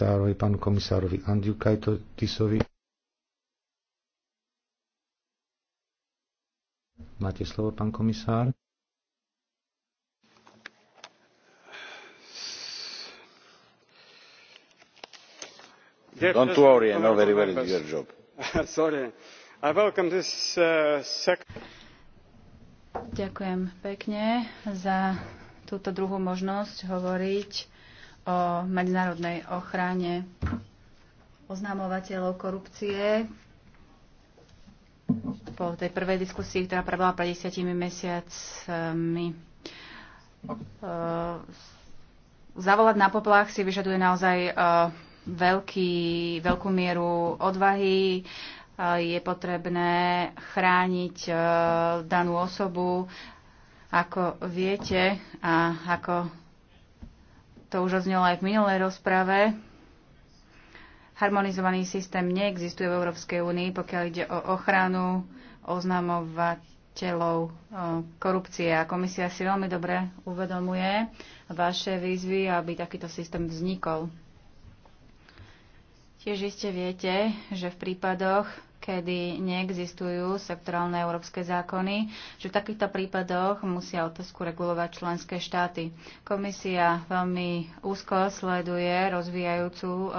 komisárovi, pánu komisárovi Andriu Kajtotisovi. Máte slovo, pán komisár. Don't worry, I know very well it's your job. Sorry. I welcome this uh, sec- Ďakujem pekne za túto druhú možnosť hovoriť o medzinárodnej ochrane oznamovateľov korupcie. Po tej prvej diskusii, ktorá prebehla pred 10 mesiacmi, e, zavolať na poplach si vyžaduje naozaj e, veľký, veľkú mieru odvahy, e, je potrebné chrániť danú osobu. Ako viete a ako to už oznelo aj v minulej rozprave, harmonizovaný systém neexistuje v Európskej únii, pokiaľ ide o ochranu oznamovateľov e, korupcie. A komisia si veľmi dobre uvedomuje vaše výzvy, aby takýto systém vznikol. Tiež iste viete, že v prípadoch, kedy neexistujú sektorálne európske zákony, že v takýchto prípadoch musia otázku regulovať členské štáty. Komisia veľmi úzko sleduje rozvíjajúcu e,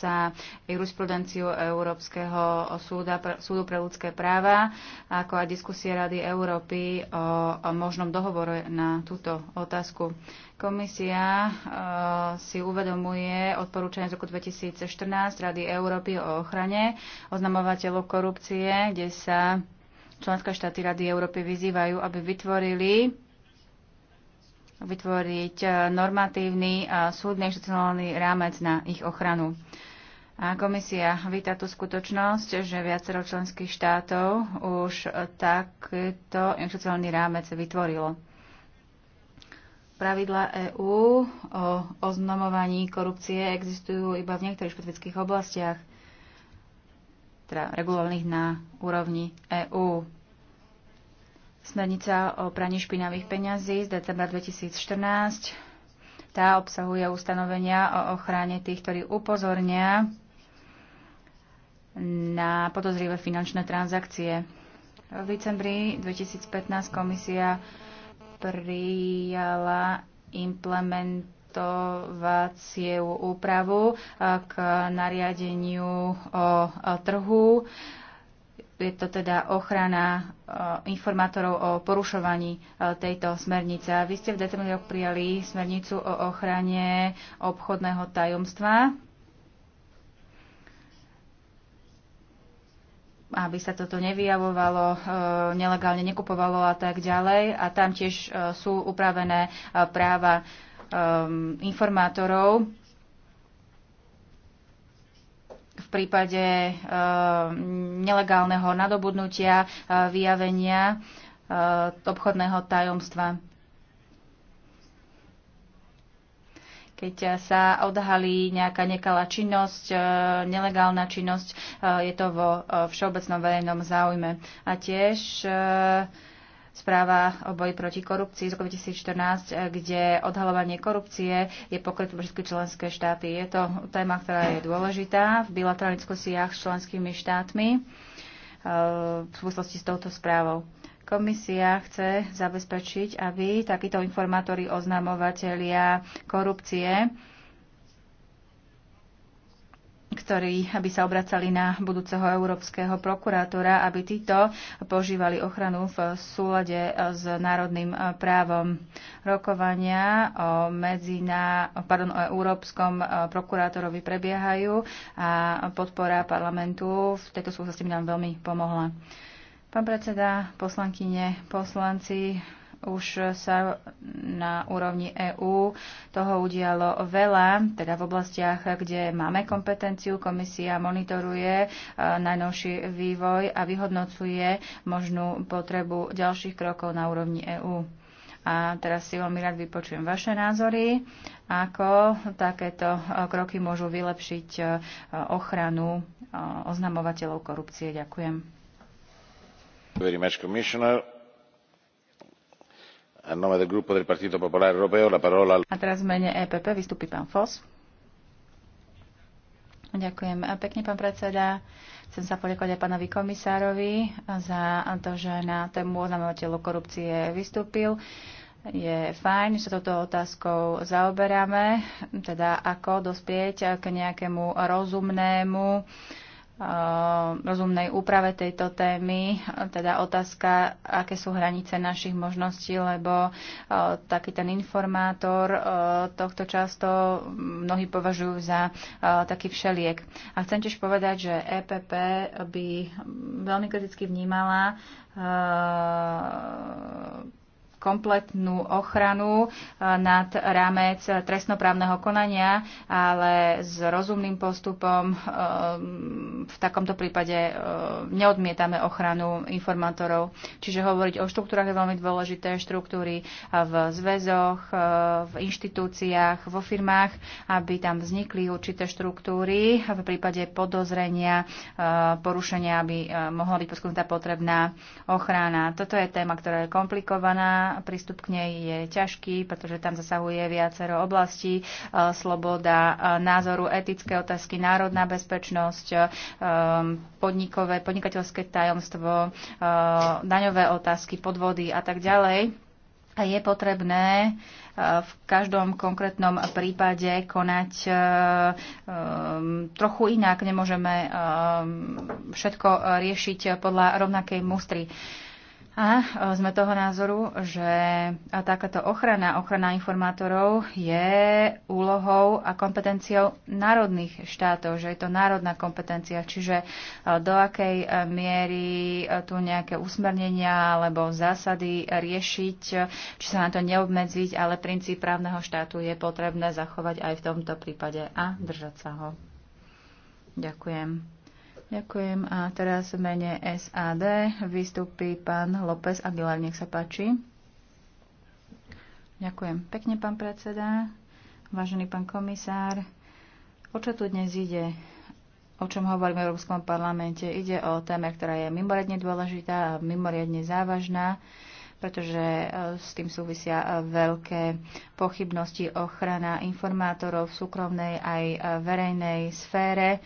sa jurisprudenciu Európskeho súda, súdu pre ľudské práva, ako aj diskusie Rady Európy o, možnom dohovore na túto otázku. Komisia eh, si uvedomuje odporúčanie z roku 2014 Rady Európy o ochrane oznamovateľov korupcie, kde sa členské štáty Rady Európy vyzývajú, aby vytvorili vytvoriť eh, normatívny a eh, súdny inštitucionálny rámec na ich ochranu. A komisia víta tú skutočnosť, že viacero členských štátov už takýto inštitucionálny rámec vytvorilo. Pravidla EÚ o oznamovaní korupcie existujú iba v niektorých špecifických oblastiach, teda regulovaných na úrovni EÚ. Smernica o praní špinavých peňazí z decembra 2014 tá obsahuje ustanovenia o ochrane tých, ktorí upozornia na podozrivé finančné transakcie. V decembri 2015 komisia prijala implementovaciu úpravu eh, k nariadeniu o trhu. Je to teda ochrana eh, informátorov o porušovaní eh, tejto smernice. Vy ste v decembri prijali smernicu o ochrane obchodného tajomstva aby sa toto nevyjavovalo, e, nelegálne nekupovalo a tak ďalej. A tam tiež e, sú upravené e, práva informátorov v prípade nelegálneho nadobudnutia, vyjavenia obchodného tajomstva. keď sa odhalí nejaká nekalá činnosť, e, nelegálna činnosť, e, je to vo e, všeobecnom verejnom záujme. A tiež správa o boji proti korupcii z roku 2014, kde odhalovanie korupcie je pokryté pre všetky členské štáty. Je to téma, ktorá je dôležitá v bilaterálnych diskusiách s členskými štátmi v súvislosti s touto správou. Komisia chce zabezpečiť, aby takíto informátori, oznamovatelia korupcie, ktorí aby sa obracali na budúceho európskeho prokurátora, aby títo požívali ochranu v súlade s národným právom. Rokovania o, medziná, pardon, o európskom prokurátorovi prebiehajú a podpora parlamentu v tejto súvislosti by nám veľmi pomohla. Pán predseda, poslankyne, poslanci, už sa na úrovni EÚ toho udialo veľa, teda v oblastiach, kde máme kompetenciu. Komisia monitoruje e, najnovší vývoj a vyhodnocuje možnú potrebu ďalších krokov na úrovni EÚ. A teraz si veľmi rád vypočujem vaše názory, ako takéto e, kroky môžu vylepšiť e, ochranu oznamovateľov korupcie. Ďakujem. A teraz mene EPP pán Foss. Ďakujem pekne, pán predseda. Chcem sa poďakovať aj pánovi komisárovi za to, že na tému oznamovateľu korupcie vystúpil. Je fajn, že sa touto otázkou zaoberáme, teda ako dospieť k nejakému rozumnému Eh, rozumnej úprave tejto témy, eh, teda otázka, aké sú hranice našich možností, lebo eh, taký ten informátor tohto často mnohí považujú za taký všeliek. A chcem tiež povedať, že EPP by veľmi kriticky vnímala kompletnú ochranu eh, nad rámec eh, trestnoprávneho konania, ale s rozumným postupom eh, v takomto prípade neodmietame ochranu informátorov. Čiže hovoriť o štruktúrach je veľmi dôležité, štruktúry v zväzoch, v inštitúciách, vo firmách, aby tam vznikli určité štruktúry v prípade podozrenia, porušenia, aby mohla byť poskytnutá potrebná ochrana. Toto je téma, ktorá je komplikovaná, prístup k nej je ťažký, pretože tam zasahuje viacero oblastí, e, sloboda e, názoru, etické otázky, národná bezpečnosť, e, podnikové, podnikateľské tajomstvo, daňové otázky, podvody a tak ďalej. A je potrebné v každom konkrétnom prípade konať trochu inak. Nemôžeme všetko riešiť podľa rovnakej mustry. A e, sme toho názoru, že e, takáto ochrana, ochrana informátorov je úlohou a kompetenciou národných štátov, že je to národná kompetencia, čiže e, do akej miery tu nejaké usmernenia alebo zásady riešiť, či sa na to neobmedziť, ale princíp právneho štátu je potrebné zachovať aj v tomto prípade a držať sa ho. Ďakujem. Ďakujem. A teraz v mene SAD vystúpi pán López Aguilar. Nech sa páči. Ďakujem pekne, pán predseda. Vážený pán komisár, o čo tu dnes ide? O čom hovoríme v Európskom parlamente? Ide o téme, ktorá je mimoriadne dôležitá a mimoriadne závažná pretože e, s tým súvisia e, veľké pochybnosti ochrana informátorov v súkromnej aj e, verejnej sfére.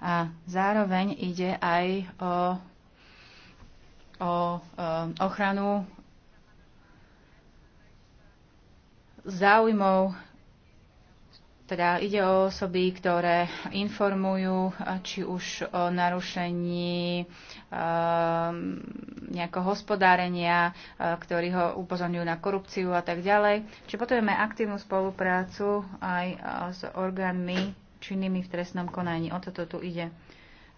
A zároveň ide aj o, o, e, ochranu záujmov teda ide o osoby, ktoré informujú či už o narušení e, nejakého hospodárenia, e, ktorí ho upozorňujú na korupciu a tak ďalej. Či potrebujeme aktívnu spoluprácu aj s orgánmi činnými v trestnom konaní. O toto tu ide.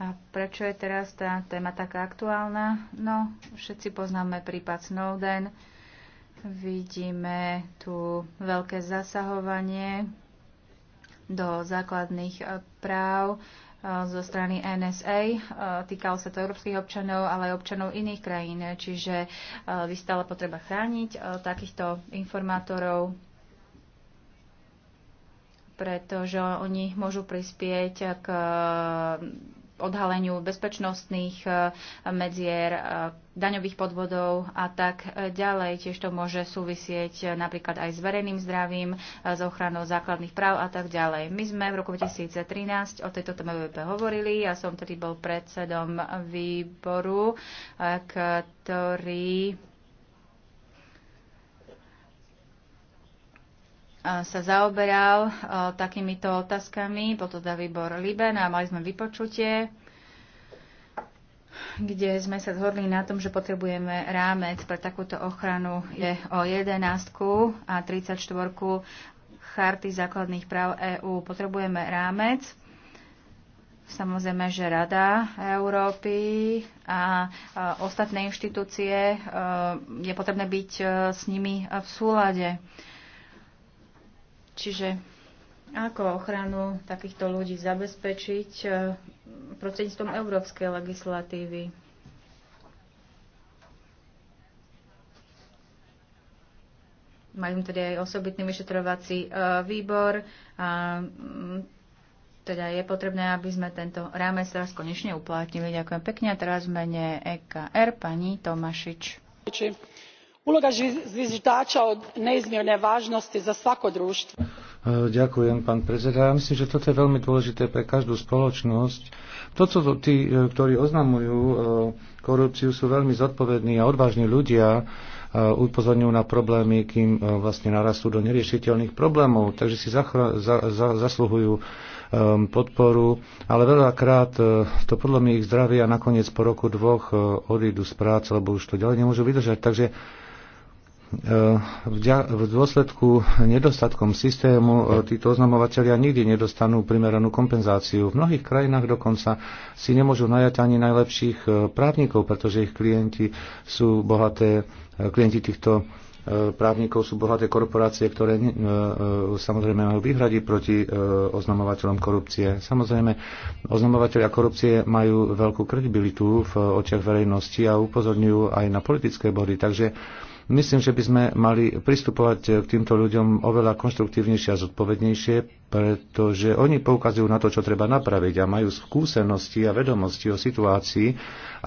A prečo je teraz tá téma taká aktuálna? No, všetci poznáme prípad Snowden. Vidíme tu veľké zasahovanie do základných e, práv e, zo strany NSA. E, týkalo sa to európskych občanov, ale aj občanov iných krajín. Čiže vystala potreba chrániť takýchto informátorov pretože oni môžu prispieť k eh, odhaleniu bezpečnostných eh, medzier, eh, daňových podvodov a tak ďalej. Tiež to môže súvisieť napríklad aj s verejným zdravím, s ochranou základných práv a tak ďalej. My sme v roku 2013 o tejto téme VP hovorili. Ja som tedy bol predsedom výboru, ktorý sa zaoberal takýmito otázkami, bol to teda výbor Liben a mali sme vypočutie kde sme sa zhodli na tom, že potrebujeme rámec pre takúto ochranu je o 11 a 34 charty základných práv EÚ. Potrebujeme rámec. Samozrejme, že Rada Európy a ostatné inštitúcie je potrebné byť s nimi v súlade. Čiže ako ochranu takýchto ľudí zabezpečiť e, prostredníctvom európskej legislatívy? Majú teda aj osobitný vyšetrovací e, výbor. A, mm, teda je potrebné, aby sme tento rámec teraz konečne uplatnili. Ďakujem pekne. A teraz v mene EKR pani Tomašič. Ďakujem uloga zviždača od neizmjerne važnosti za svako društvo. E, ďakujem, pán predseda. Ja myslím, že toto je veľmi dôležité pre každú spoločnosť. To, čo tí, e, ktorí oznamujú e, korupciu, sú veľmi zodpovední a odvážni ľudia, upozorňujú na problémy, kým vlastne narastú do neriešiteľných problémov. Takže si zachra- za- za- zasluhujú um, podporu, ale veľakrát uh, to podľa mi ich zdravia nakoniec po roku dvoch uh, odídu z práce, lebo už to ďalej nemôžu vydržať. Takže E, v dôsledku nedostatkom systému e, títo oznamovateľia nikdy nedostanú primeranú kompenzáciu. V mnohých krajinách dokonca si nemôžu najať ani najlepších e, právnikov, pretože ich klienti sú bohaté, klienti týchto právnikov sú bohaté korporácie, ktoré samozrejme majú výhrady proti oznamovateľom korupcie. Samozrejme, oznamovateľia korupcie majú veľkú kredibilitu v očiach verejnosti a upozorňujú aj na politické body. Takže Myslím, že by sme mali pristupovať eh, k týmto ľuďom oveľa konštruktívnejšie a zodpovednejšie, pretože oni poukazujú na to, čo treba napraviť a majú skúsenosti a vedomosti o situácii,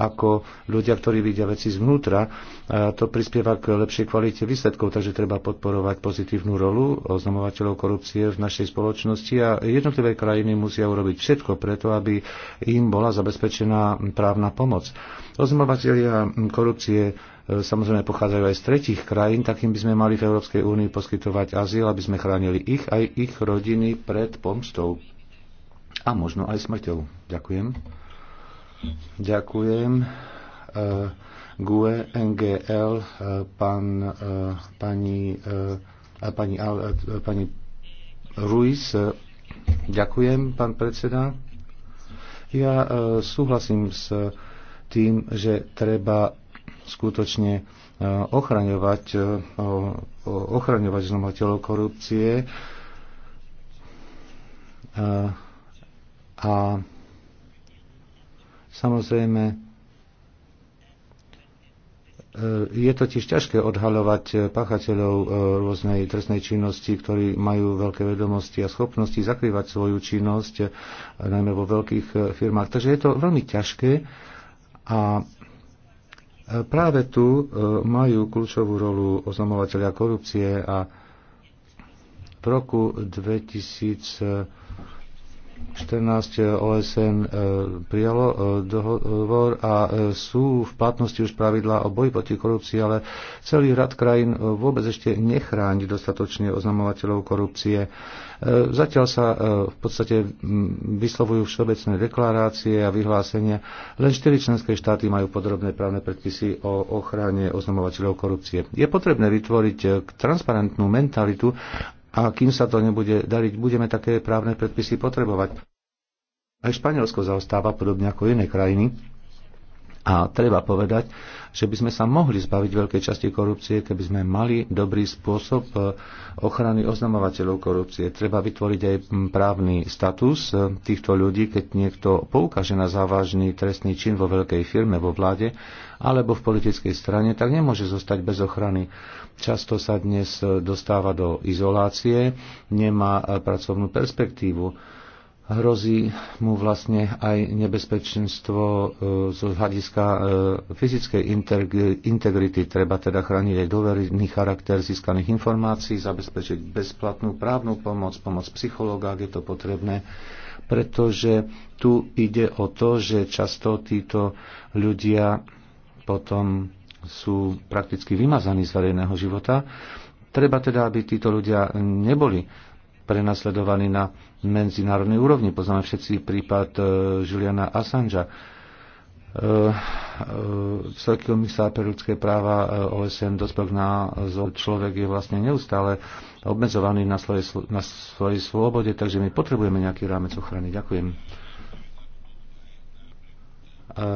ako ľudia, ktorí vidia veci zvnútra. A to prispieva k lepšej kvalite výsledkov, takže treba podporovať pozitívnu rolu oznamovateľov korupcie v našej spoločnosti a jednotlivé krajiny musia urobiť všetko preto, aby im bola zabezpečená právna pomoc. Oznamovateľia korupcie E, samozrejme pochádzajú aj z tretich krajín, tak by sme mali v Európskej únii poskytovať azyl, aby sme chránili ich aj ich rodiny pred pomstou a možno aj smrťou. Ďakujem. Ďakujem. E, GUE NGL, e, pán, pani, pani, pani Ruiz, ďakujem, pán predseda. Ja súhlasím s tým, že treba skutočne e, ochraňovať, e, ochraňovať znamateľov korupcie. E, a samozrejme, je totiž ťažké odhaľovať pachateľov rôznej trestnej činnosti, ktorí majú veľké vedomosti a schopnosti zakrývať svoju činnosť, najmä vo veľkých firmách. Takže je to veľmi ťažké a Práve tu e, majú kľúčovú rolu oznamovateľia korupcie a v roku 2000 14 eh, OSN eh, prijalo eh, dohovor a sú v platnosti už pravidlá o boji proti korupcii, ale celý rad krajín vôbec ešte nechráni dostatočne oznamovateľov korupcie. Zatiaľ sa v podstate vyslovujú všeobecné deklarácie a vyhlásenia. Len štyri členské štáty majú podrobné právne predpisy o ochrane oznamovateľov korupcie. Je potrebné vytvoriť transparentnú mentalitu a kým sa to nebude dariť, budeme také právne predpisy potrebovať. Aj Španielsko zaostáva podobne ako iné krajiny a treba povedať, že by sme sa mohli zbaviť veľkej časti korupcie, keby sme mali dobrý spôsob e, ochrany oznamovateľov korupcie. Treba vytvoriť aj právny status e, týchto ľudí, keď niekto poukáže na závažný trestný čin vo veľkej firme, vo vláde alebo v politickej strane, tak nemôže zostať bez ochrany. Často sa dnes e, dostáva do izolácie, nemá pracovnú perspektívu hrozí mu vlastne aj nebezpečenstvo e, z hľadiska e, fyzickej integrity. Treba teda chrániť aj doverný charakter získaných informácií, zabezpečiť bezplatnú právnu pomoc, pomoc psychológa, ak je to potrebné, pretože tu ide o to, že často títo ľudia potom sú prakticky vymazaní z verejného života. Treba teda, aby títo ľudia neboli prenasledovaní na medzinárodnej úrovni. Poznáme všetci prípad e, Juliana Assangea. E, e, Vysoký komisár pre ľudské práva e, OSN dospel na človek je vlastne neustále obmedzovaný na svojej, na svojej slobode, takže my potrebujeme nejaký rámec ochrany. Ďakujem. E,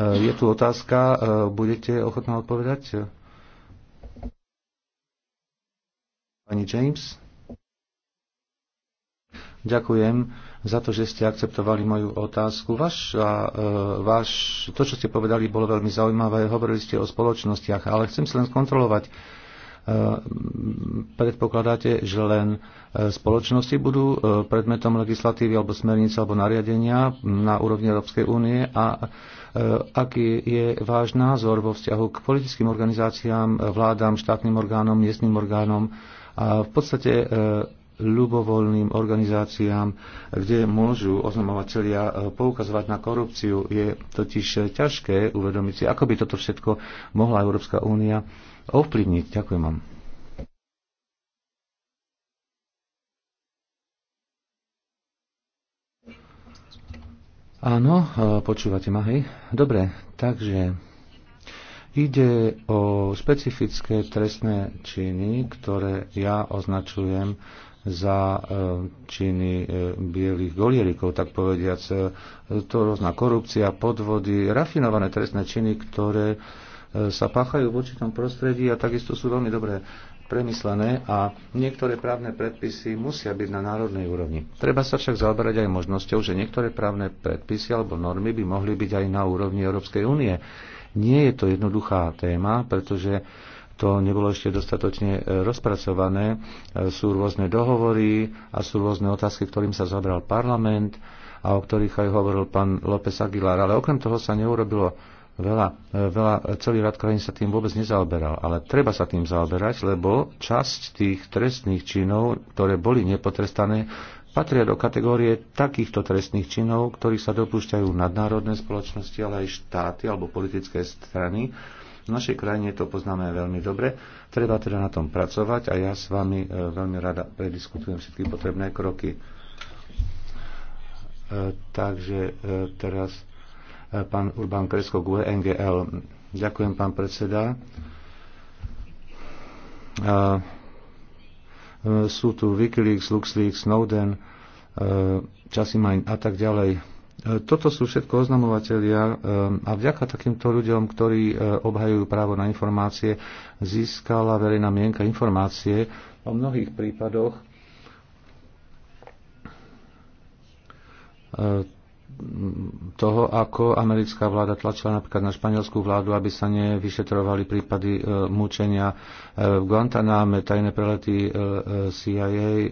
e je tu otázka, e, budete ochotná odpovedať? Pani James. Ďakujem za to, že ste akceptovali moju otázku. Váš, a, e, váš, to, čo ste povedali, bolo veľmi zaujímavé. Hovorili ste o spoločnostiach, ale chcem si len skontrolovať. E, predpokladáte, že len e, spoločnosti budú e, predmetom legislatívy alebo smernice alebo nariadenia na úrovni Európskej únie a e, aký je váš názor vo vzťahu k politickým organizáciám, vládám, štátnym orgánom, miestnym orgánom, a v podstate e, ľubovoľným organizáciám, kde môžu oznamovateľia e, poukazovať na korupciu. Je totiž ťažké uvedomiť si, ako by toto všetko mohla Európska únia ovplyvniť. Ďakujem vám. Áno, e, počúvate ma, hej? Dobre, takže Ide o špecifické trestné činy, ktoré ja označujem za e, činy e, bielých golierikov, tak povediac. E, to rôzna korupcia, podvody, rafinované trestné činy, ktoré sa páchajú v určitom prostredí a takisto sú veľmi dobre premyslené a niektoré právne predpisy musia byť na národnej úrovni. Treba sa však zaoberať aj možnosťou, že niektoré právne predpisy alebo normy by mohli byť aj na úrovni Európskej únie nie je to jednoduchá téma, pretože to nebolo ešte dostatočne e, rozpracované. E, sú rôzne dohovory a sú rôzne otázky, ktorým sa zabral parlament a o ktorých aj hovoril pán López Aguilar. Ale okrem toho sa neurobilo veľa, e, veľa celý rad krajín sa tým vôbec nezaoberal. Ale treba sa tým zaoberať, lebo časť tých trestných činov, ktoré boli nepotrestané, patria do kategórie takýchto trestných činov, ktorých sa dopúšťajú nadnárodné spoločnosti, ale aj štáty alebo politické strany. V našej krajine to poznáme veľmi dobre. Treba teda na tom pracovať a ja s vami e, veľmi rada prediskutujem všetky potrebné kroky. E, takže e, teraz pán Urban Kresko NGL. Ďakujem, pán predseda E, sú tu Wikileaks, LuxLeaks, Snowden, e, Časimajn a tak ďalej. E, toto sú všetko oznamovateľia a vďaka takýmto ľuďom, ktorí obhajujú právo na informácie, získala verejná mienka informácie o mnohých prípadoch toho, ako americká vláda tlačila napríklad na španielskú vládu, aby sa nevyšetrovali prípady e, mučenia e, v Guantaname, tajné prelety e, CIA,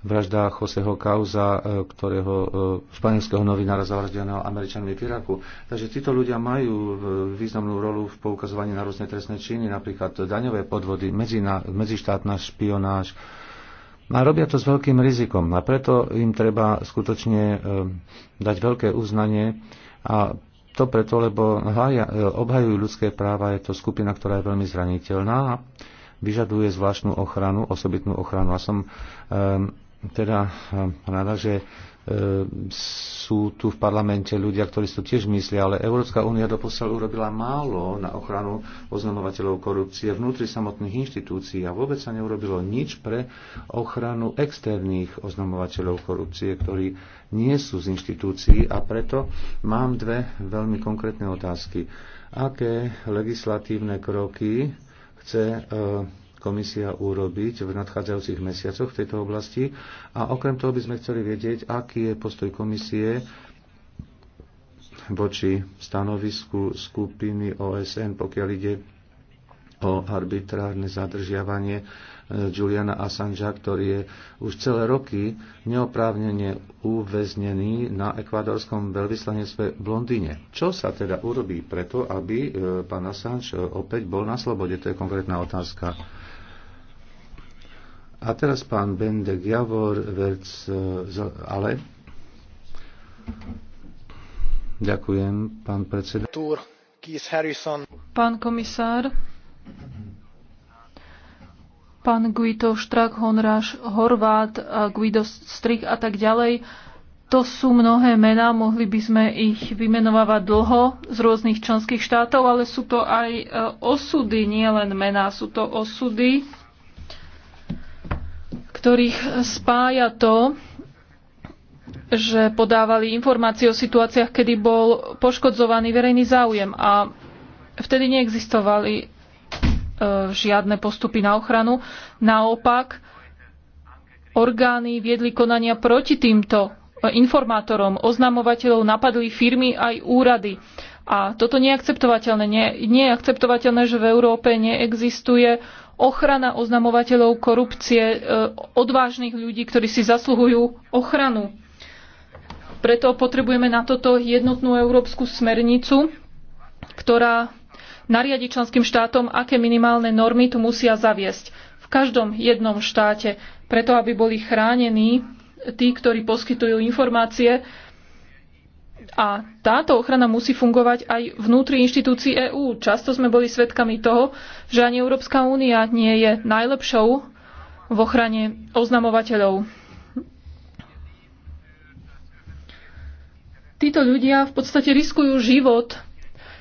vražda Joseho Kauza, ktorého španielského novinára zavraždeného Američanmi v Iraku. Takže títo ľudia majú významnú rolu v poukazovaní na rôzne trestné činy, napríklad daňové podvody, medzina, medzištátna špionáž, a robia to s veľkým rizikom a preto im treba skutočne e, dať veľké uznanie a to preto, lebo e, obhajujú ľudské práva, je to skupina, ktorá je veľmi zraniteľná a vyžaduje zvláštnu ochranu, osobitnú ochranu. A som e, teda rada, že Ehm, sú tu v parlamente ľudia, ktorí sú tiež myslia, ale Európska únia doposiaľ urobila málo na ochranu oznamovateľov korupcie vnútri samotných inštitúcií a vôbec sa neurobilo nič pre ochranu externých oznamovateľov korupcie, ktorí nie sú z inštitúcií a preto mám dve veľmi konkrétne otázky. Aké legislatívne kroky chce ehm, komisia urobiť v nadchádzajúcich mesiacoch v tejto oblasti. A okrem toho by sme chceli vedieť, aký je postoj komisie voči stanovisku skupiny OSN, pokiaľ ide o arbitrárne zadržiavanie e, Juliana Assangea, ktorý je už celé roky neoprávnene uväznený na ekvádorskom veľvyslanectve v Londýne. Čo sa teda urobí preto, aby e, pán Assange opäť bol na slobode? To je konkrétna otázka. A teraz pán Bendek Javor, Verc, e, ale. Ďakujem, pán predseda. Pán komisár, pán Guido Štrak, Honráš, Horvát, Guido Strik a tak ďalej. To sú mnohé mená, mohli by sme ich vymenovávať dlho z rôznych členských štátov, ale sú to aj e, osudy, nielen mená, sú to osudy ktorých spája to, že podávali informácie o situáciách, kedy bol poškodzovaný verejný záujem a vtedy neexistovali e, žiadne postupy na ochranu. Naopak, orgány viedli konania proti týmto e, informátorom, oznamovateľov napadli firmy aj úrady. A toto nie je akceptovateľné. Nie, nie je akceptovateľné, že v Európe neexistuje ochrana oznamovateľov korupcie, e, odvážnych ľudí, ktorí si zasluhujú ochranu. Preto potrebujeme na toto jednotnú európsku smernicu, ktorá nariadi členským štátom, aké minimálne normy tu musia zaviesť v každom jednom štáte, preto aby boli chránení tí, ktorí poskytujú informácie, a táto ochrana musí fungovať aj vnútri inštitúcií EÚ. Často sme boli svedkami toho, že ani Európska únia nie je najlepšou v ochrane oznamovateľov. Títo ľudia v podstate riskujú život,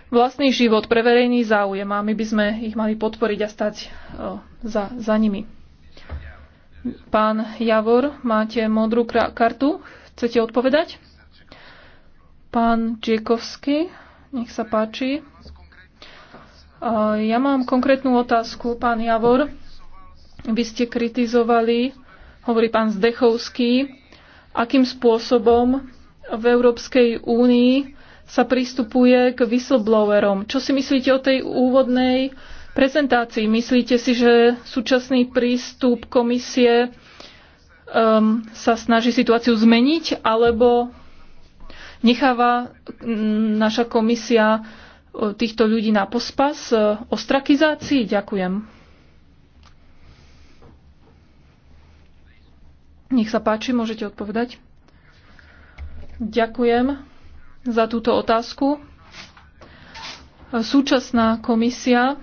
vlastný život pre verejný záujem a my by sme ich mali podporiť a stať za, za nimi. Pán Javor, máte modrú kartu? Chcete odpovedať? Pán Čiekovský, nech sa páči. Ja mám konkrétnu otázku, pán Javor. Vy ste kritizovali, hovorí pán Zdechovský, akým spôsobom v Európskej únii sa pristupuje k whistleblowerom. Čo si myslíte o tej úvodnej prezentácii? Myslíte si, že súčasný prístup komisie um, sa snaží situáciu zmeniť, alebo necháva mm, naša komisia e, týchto ľudí na pospas e, ostrakizácii? Ďakujem. Nech sa páči, môžete odpovedať. Ďakujem za túto otázku. Súčasná komisia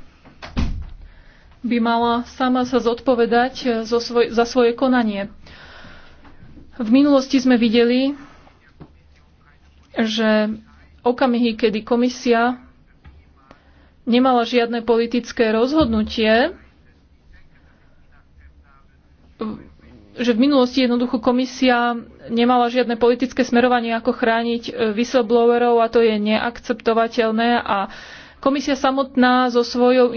by mala sama sa zodpovedať e, za svoje konanie. V minulosti sme videli, že okamihy, kedy komisia nemala žiadne politické rozhodnutie, že v minulosti jednoducho komisia nemala žiadne politické smerovanie, ako chrániť whistleblowerov a to je neakceptovateľné a Komisia samotná so, svojou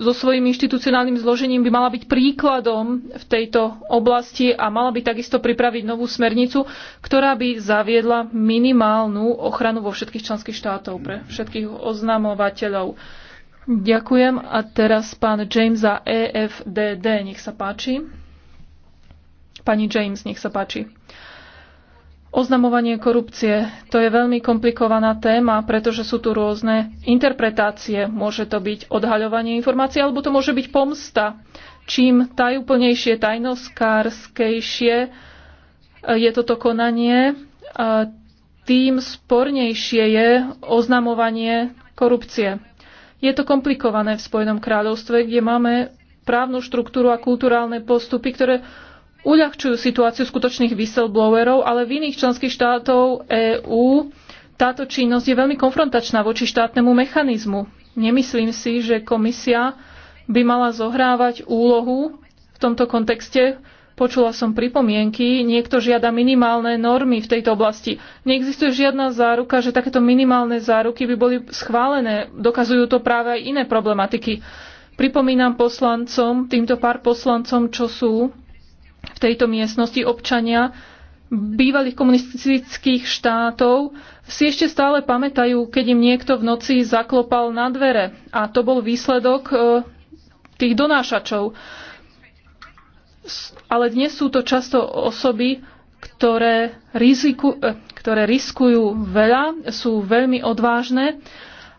so svojím inštitucionálnym zložením by mala byť príkladom v tejto oblasti a mala by takisto pripraviť novú smernicu, ktorá by zaviedla minimálnu ochranu vo všetkých členských štátov pre všetkých oznamovateľov. Ďakujem. A teraz pán James za EFDD. Nech sa páči. Pani James, nech sa páči. Oznamovanie korupcie to je veľmi komplikovaná téma, pretože sú tu rôzne interpretácie. Môže to byť odhaľovanie informácií, alebo to môže byť pomsta. Čím tajúplnejšie, tajnoskárskejšie e, je toto konanie, e, tým spornejšie je oznamovanie korupcie. Je to komplikované v Spojenom kráľovstve, kde máme právnu štruktúru a kulturálne postupy, ktoré uľahčujú situáciu skutočných whistleblowerov, ale v iných členských štátov EÚ táto činnosť je veľmi konfrontačná voči štátnemu mechanizmu. Nemyslím si, že komisia by mala zohrávať úlohu v tomto kontexte. Počula som pripomienky, niekto žiada minimálne normy v tejto oblasti. Neexistuje žiadna záruka, že takéto minimálne záruky by boli schválené. Dokazujú to práve aj iné problematiky. Pripomínam poslancom, týmto pár poslancom, čo sú v tejto miestnosti občania bývalých komunistických štátov si ešte stále pamätajú, keď im niekto v noci zaklopal na dvere. A to bol výsledok e, tých donášačov. Ale dnes sú to často osoby, ktoré, riziku, e, ktoré riskujú veľa, sú veľmi odvážne,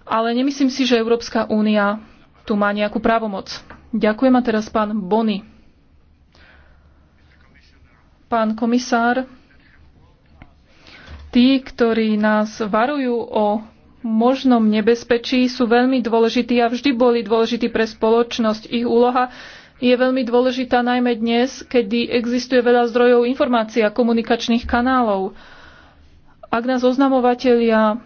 ale nemyslím si, že Európska únia tu má nejakú právomoc. Ďakujem a teraz pán Bony pán komisár, tí, ktorí nás varujú o možnom nebezpečí, sú veľmi dôležití a vždy boli dôležití pre spoločnosť. Ich úloha je veľmi dôležitá najmä dnes, kedy existuje veľa zdrojov informácií a komunikačných kanálov. Ak nás oznamovatelia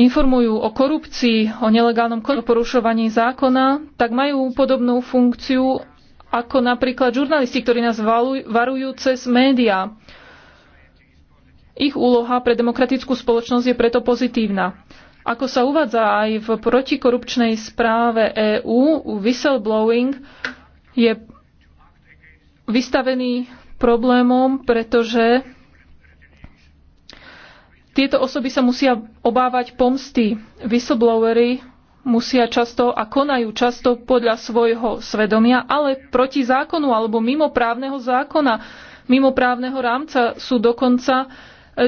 informujú o korupcii, o nelegálnom porušovaní zákona, tak majú podobnú funkciu ako napríklad žurnalisti, ktorí nás varujú cez médiá. Ich úloha pre demokratickú spoločnosť je preto pozitívna. Ako sa uvádza aj v protikorupčnej správe EÚ, whistleblowing je vystavený problémom, pretože tieto osoby sa musia obávať pomsty. Whistleblowery musia často a konajú často podľa svojho svedomia, ale proti zákonu alebo mimo právneho zákona, mimo právneho rámca sú dokonca e,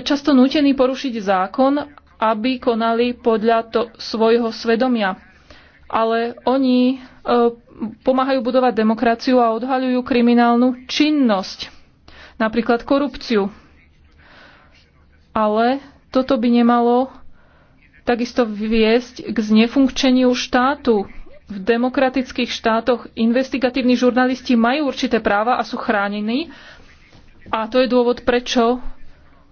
často nútení porušiť zákon, aby konali podľa to, svojho svedomia. Ale oni e, pomáhajú budovať demokraciu a odhaľujú kriminálnu činnosť, napríklad korupciu. Ale toto by nemalo takisto viesť k znefunkčeniu štátu. V demokratických štátoch investigatívni žurnalisti majú určité práva a sú chránení. A to je dôvod, prečo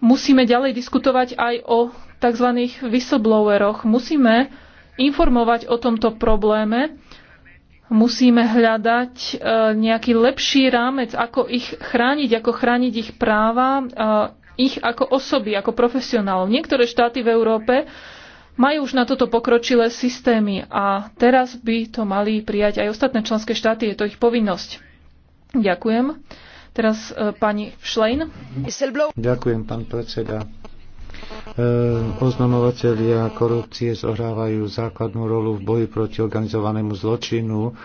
musíme ďalej diskutovať aj o tzv. whistlebloweroch. Musíme informovať o tomto probléme, musíme hľadať e, nejaký lepší rámec, ako ich chrániť, ako chrániť ich práva, e, ich ako osoby, ako profesionálov. Niektoré štáty v Európe majú už na toto pokročilé systémy a teraz by to mali prijať aj ostatné členské štáty. Je to ich povinnosť. Ďakujem. Teraz e, pani Schlein. Ďakujem, pán predseda. E, oznamovateľia korupcie zohrávajú základnú rolu v boji proti organizovanému zločinu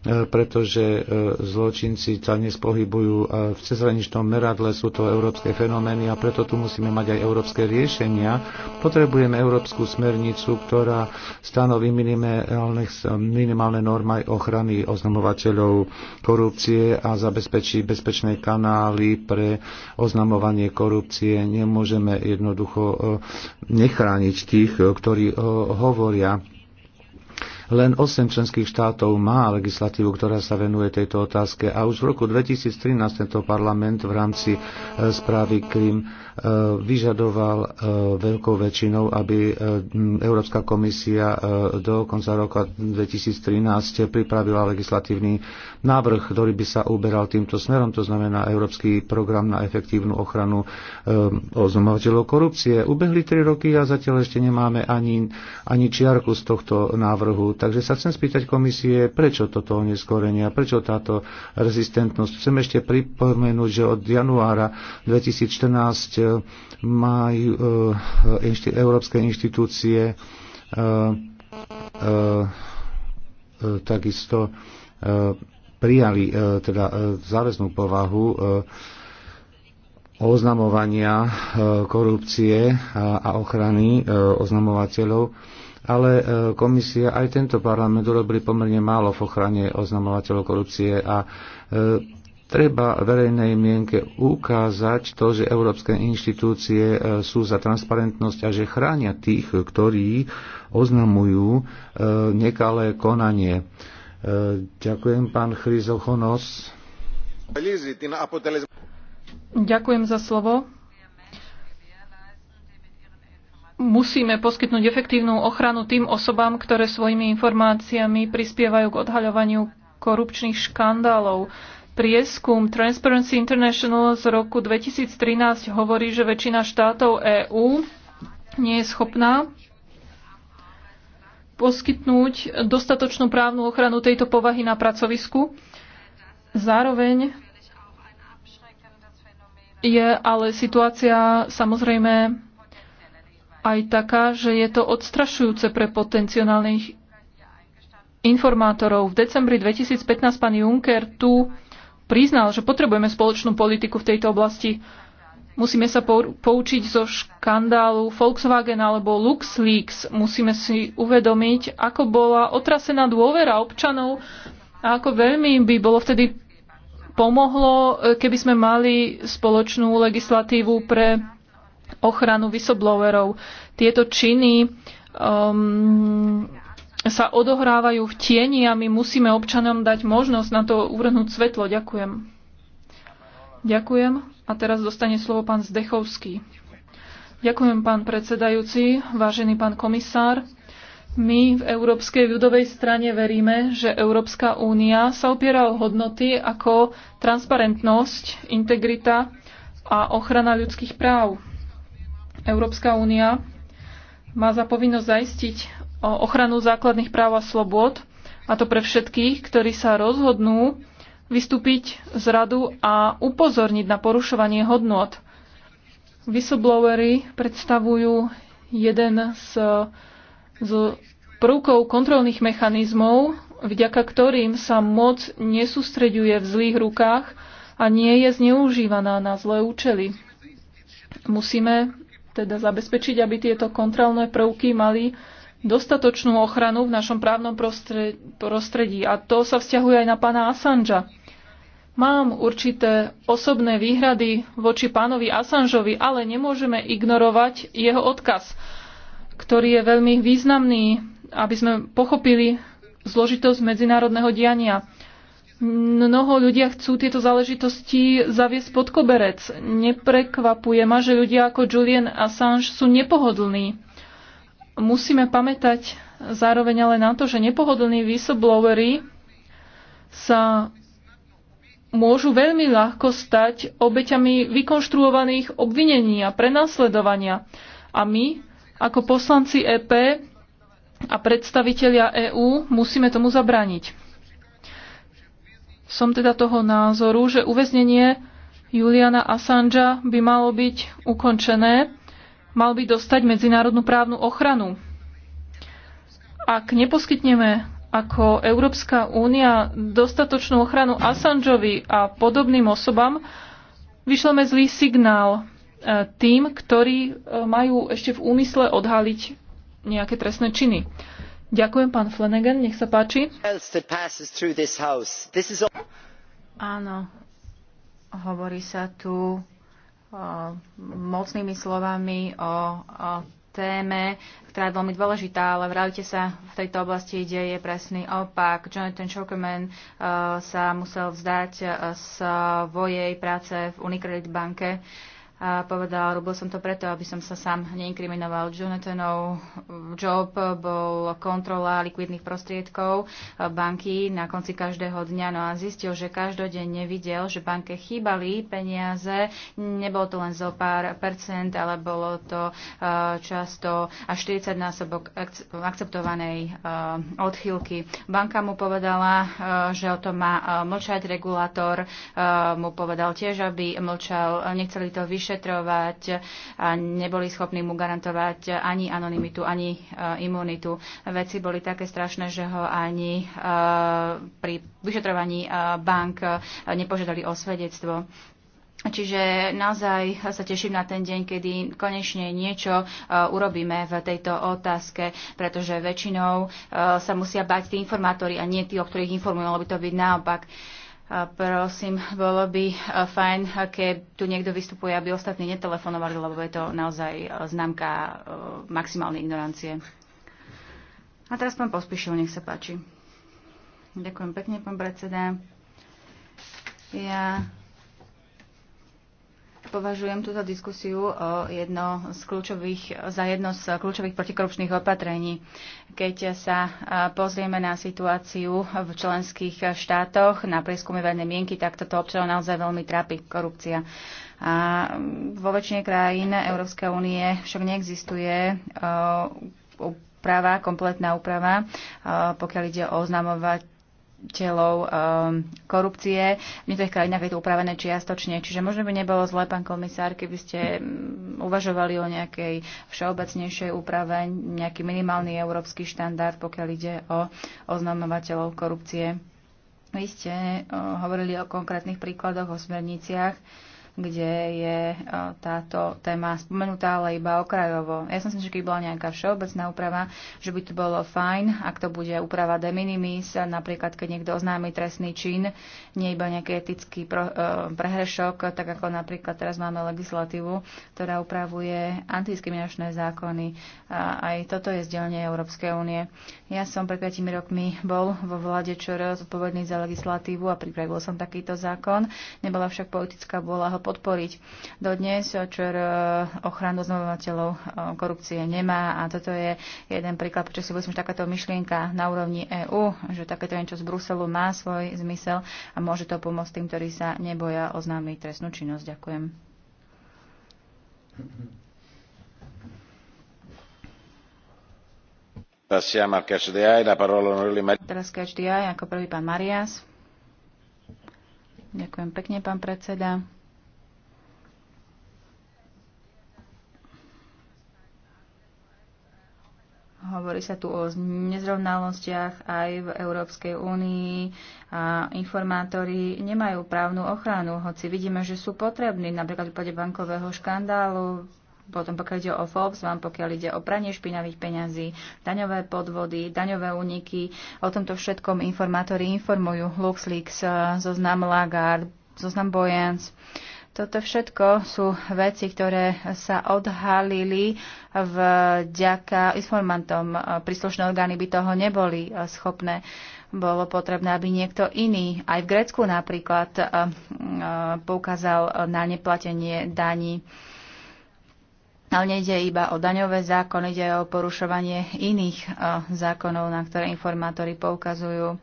E, pretože e, zločinci sa nespohybujú e, v cezhraničnom meradle, sú to európske fenomény a preto tu musíme mať aj európske riešenia. Potrebujeme európsku smernicu, ktorá stanoví minimálne, minimálne normy ochrany oznamovateľov korupcie a zabezpečí bezpečné kanály pre oznamovanie korupcie. Nemôžeme jednoducho nechrániť tých, ktorí hovoria len 8 členských štátov má legislatívu, ktorá sa venuje tejto otázke a už v roku 2013 tento parlament v rámci e, správy Krym E, vyžadoval e, veľkou väčšinou, aby e, Európska komisia do konca roka 2013 pripravila legislatívny návrh, ktorý by sa uberal týmto smerom, to znamená Európsky program na efektívnu ochranu oznamovateľov korupcie. Ubehli tri roky a zatiaľ ešte nemáme ani, ani čiarku z tohto návrhu. Takže sa chcem spýtať komisie, prečo toto oneskorenie a prečo táto rezistentnosť. Chcem ešte pripomenúť, že od januára 2014 majú e, európske inštitúcie e, e, takisto prijali teda záväznú povahu oznamovania korupcie a ochrany oznamovateľov, ale komisia aj tento parlament urobili pomerne málo v ochrane oznamovateľov korupcie a Treba verejnej mienke ukázať to, že európske inštitúcie e, sú za transparentnosť a že chránia tých, ktorí oznamujú e, nekalé konanie. E, ďakujem, pán Chryzochonos. Ďakujem za slovo. Musíme poskytnúť efektívnu ochranu tým osobám, ktoré svojimi informáciami prispievajú k odhaľovaniu korupčných škandálov. Prieskum Transparency International z roku 2013 hovorí, že väčšina štátov EÚ nie je schopná poskytnúť dostatočnú právnu ochranu tejto povahy na pracovisku. Zároveň je ale situácia samozrejme aj taká, že je to odstrašujúce pre potenciálnych informátorov. V decembri 2015 pán Juncker tu priznal, že potrebujeme spoločnú politiku v tejto oblasti. Musíme sa poučiť zo škandálu Volkswagen alebo LuxLeaks. Musíme si uvedomiť, ako bola otrasená dôvera občanov a ako veľmi by bolo vtedy pomohlo, e, keby sme mali spoločnú legislatívu pre ochranu whistleblowerov. Tieto činy um, sa odohrávajú v tieni a my musíme občanom dať možnosť na to uvrhnúť svetlo. Ďakujem. Ďakujem. A teraz dostane slovo pán Zdechovský. Ďakujem, pán predsedajúci, vážený pán komisár. My v Európskej ľudovej strane veríme, že Európska únia sa opiera o hodnoty ako transparentnosť, integrita a ochrana ľudských práv. Európska únia má za povinnosť zaistiť ochranu základných práv a slobod, a to pre všetkých, ktorí sa rozhodnú vystúpiť z radu a upozorniť na porušovanie hodnot. Whistleblowery predstavujú jeden z, z prvkov kontrolných mechanizmov, vďaka ktorým sa moc nesústreďuje v zlých rukách a nie je zneužívaná na zlé účely. Musíme teda zabezpečiť, aby tieto kontrolné prvky mali dostatočnú ochranu v našom právnom prostredí. A to sa vzťahuje aj na pána Assangea. Mám určité osobné výhrady voči pánovi Assangeovi, ale nemôžeme ignorovať jeho odkaz, ktorý je veľmi významný, aby sme pochopili zložitosť medzinárodného diania. Mnoho ľudia chcú tieto záležitosti zaviesť pod koberec. Neprekvapuje ma, že ľudia ako Julian Assange sú nepohodlní musíme pamätať zároveň ale na to, že nepohodlní whistleblowery sa môžu veľmi ľahko stať obeťami vykonštruovaných obvinení a prenasledovania. A my, ako poslanci EP a predstavitelia EÚ, musíme tomu zabrániť. Som teda toho názoru, že uväznenie Juliana Assangea by malo byť ukončené mal by dostať medzinárodnú právnu ochranu. Ak neposkytneme ako Európska únia dostatočnú ochranu Assangeovi a podobným osobám, vyšleme zlý signál e, tým, ktorí e, majú ešte v úmysle odhaliť nejaké trestné činy. Ďakujem, pán Flanagan, nech sa páči. Áno, hovorí sa tu mocnými slovami o, o téme, ktorá je veľmi dôležitá, ale v realite sa v tejto oblasti deje presný opak. Jonathan Shockerman uh, sa musel vzdať uh, svojej práce v Unicredit banke a povedal, robil som to preto, aby som sa sám neinkriminoval. Jonathanov job bol kontrola likvidných prostriedkov e, banky na konci každého dňa. No a zistil, že každodenne videl, že banke chýbali peniaze. Nebolo to len zo pár percent, ale bolo to e, často až 40 násobok akceptovanej e, odchýlky. Banka mu povedala, že o tom má mlčať. Regulátor mu povedal tiež, aby mlčal. Nechceli to vyšetriť vyšetrovať a neboli schopní mu garantovať ani anonymitu, ani e, imunitu. Veci boli také strašné, že ho ani e, pri vyšetrovaní e, bank nepožiadali o svedectvo. Čiže naozaj sa teším na ten deň, kedy konečne niečo urobíme v tejto otázke, pretože väčšinou sa musia bať tí informátori a nie tí, o ktorých informujú, lebo by to byť naopak. Prosím, bolo by e, fajn, keď tu niekto vystupuje, aby ostatní netelefonovali, lebo je to naozaj e, známka e, maximálnej ignorancie. A teraz pán Pospíšil, nech sa páči. Ďakujem pekne, pán predseda. Ja Považujem túto diskusiu o eh, jedno z kľúčových, za jedno z kľúčových protikorupčných opatrení. Keď sa eh, pozrieme na situáciu v členských štátoch, na prieskumy verejnej mienky, tak toto občanov naozaj veľmi trápi korupcia. A mm, vo väčšine krajín Európskej únie však neexistuje eh, práva, kompletná úprava, pokiaľ ide o oznamovať um, korupcie. V niektorých krajinách je to upravené čiastočne, čiže možno by nebolo zle, pán komisár, keby ste mm, uvažovali o nejakej všeobecnejšej úprave, nejaký minimálny európsky štandard, pokiaľ ide o oznamovateľov korupcie. Vy ste uh, hovorili o konkrétnych príkladoch, o smerniciach kde je e, táto téma spomenutá, ale iba okrajovo. Ja som si že keď bola nejaká všeobecná úprava, že by to bolo fajn, ak to bude úprava de minimis, napríklad keď niekto oznámi trestný čin, nie iba nejaký etický e, prehrešok, tak ako napríklad teraz máme legislatívu, ktorá upravuje antidiskriminačné zákony. A aj toto je zdelenie Európskej únie. Ja som pred 5 rokmi bol vo vláde ČR zodpovedný za legislatívu a pripravil som takýto zákon. Nebola však politická vôľa ho podporiť. Dodnes ČR er, eh, ochranu oznamovateľov eh, korupcie nemá a toto je jeden príklad, prečo si myslím, že takáto myšlienka na úrovni EÚ, že takéto niečo z Bruselu má svoj zmysel a môže to pomôcť tým, ktorí sa neboja oznámiť trestnú činnosť. Ďakujem. Teraz catch ako prvý pán Marias. Ďakujem pekne, pán predseda. Hovorí sa tu o nezrovnalostiach aj v Európskej únii a informátori nemajú právnu ochranu, hoci vidíme, že sú potrební, napríklad v prípade bankového škandálu, potom pokiaľ ide o vám pokiaľ ide o pranie špinavých peňazí, daňové podvody, daňové úniky. O tomto všetkom informátori informujú Luxleaks, eh, zoznam Lagarde, zoznam Bojens. Toto všetko sú veci, ktoré sa odhalili vďaka informantom. Príslušné orgány by toho neboli eh, schopné. Bolo potrebné, aby niekto iný, aj v Grécku napríklad, eh, eh, poukázal na neplatenie daní. Ale nejde iba o daňové zákony, ide o porušovanie iných zákonov, na ktoré informátori poukazujú.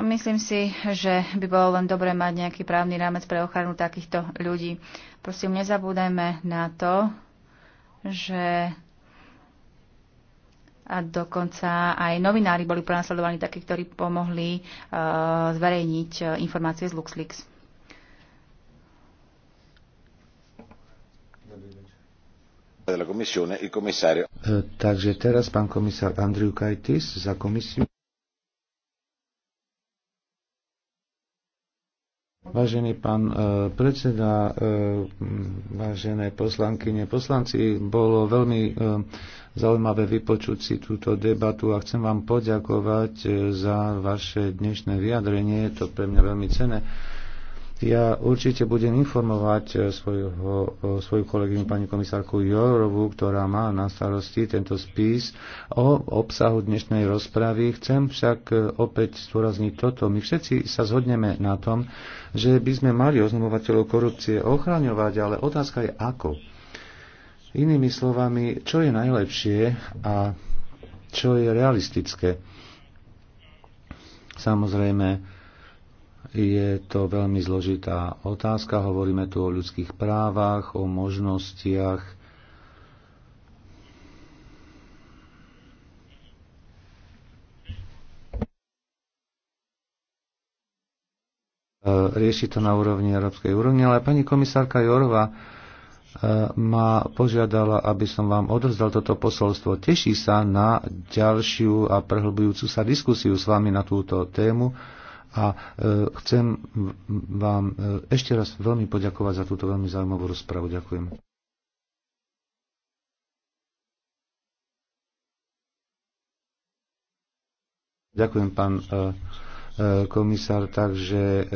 Myslím si, že by bolo len dobré mať nejaký právny rámec pre ochranu takýchto ľudí. Prosím, nezabúdajme na to, že a dokonca aj novinári boli prenasledovaní takí, ktorí pomohli uh, zverejniť uh, informácie z LuxLeaks. Eh, takže teraz pán komisár Andriu Kajtis za komisiu. Vážený pán e, predseda, e, vážené poslankyne, poslanci, bolo veľmi e, zaujímavé vypočuť si túto debatu a chcem vám poďakovať za vaše dnešné vyjadrenie. Je to pre mňa veľmi cené. Ja určite budem informovať e, svojho, e, svoju kolegyňu pani komisárku Jorovu, ktorá má na starosti tento spis o obsahu dnešnej rozpravy. Chcem však e, opäť zdôrazniť toto. My všetci sa zhodneme na tom, že by sme mali oznamovateľov korupcie ochraňovať, ale otázka je ako. Inými slovami, čo je najlepšie a čo je realistické. Samozrejme, je to veľmi zložitá otázka. Hovoríme tu o ľudských právach, o možnostiach. E, rieši to na úrovni Európskej úrovni, ale pani komisárka Jorova e, ma požiadala, aby som vám odovzdal toto posolstvo. Teší sa na ďalšiu a prehlbujúcu sa diskusiu s vami na túto tému a e, chcem vám e, ešte raz veľmi poďakovať za túto veľmi zaujímavú rozpravu. Ďakujem. Ďakujem, pán e, komisár. Takže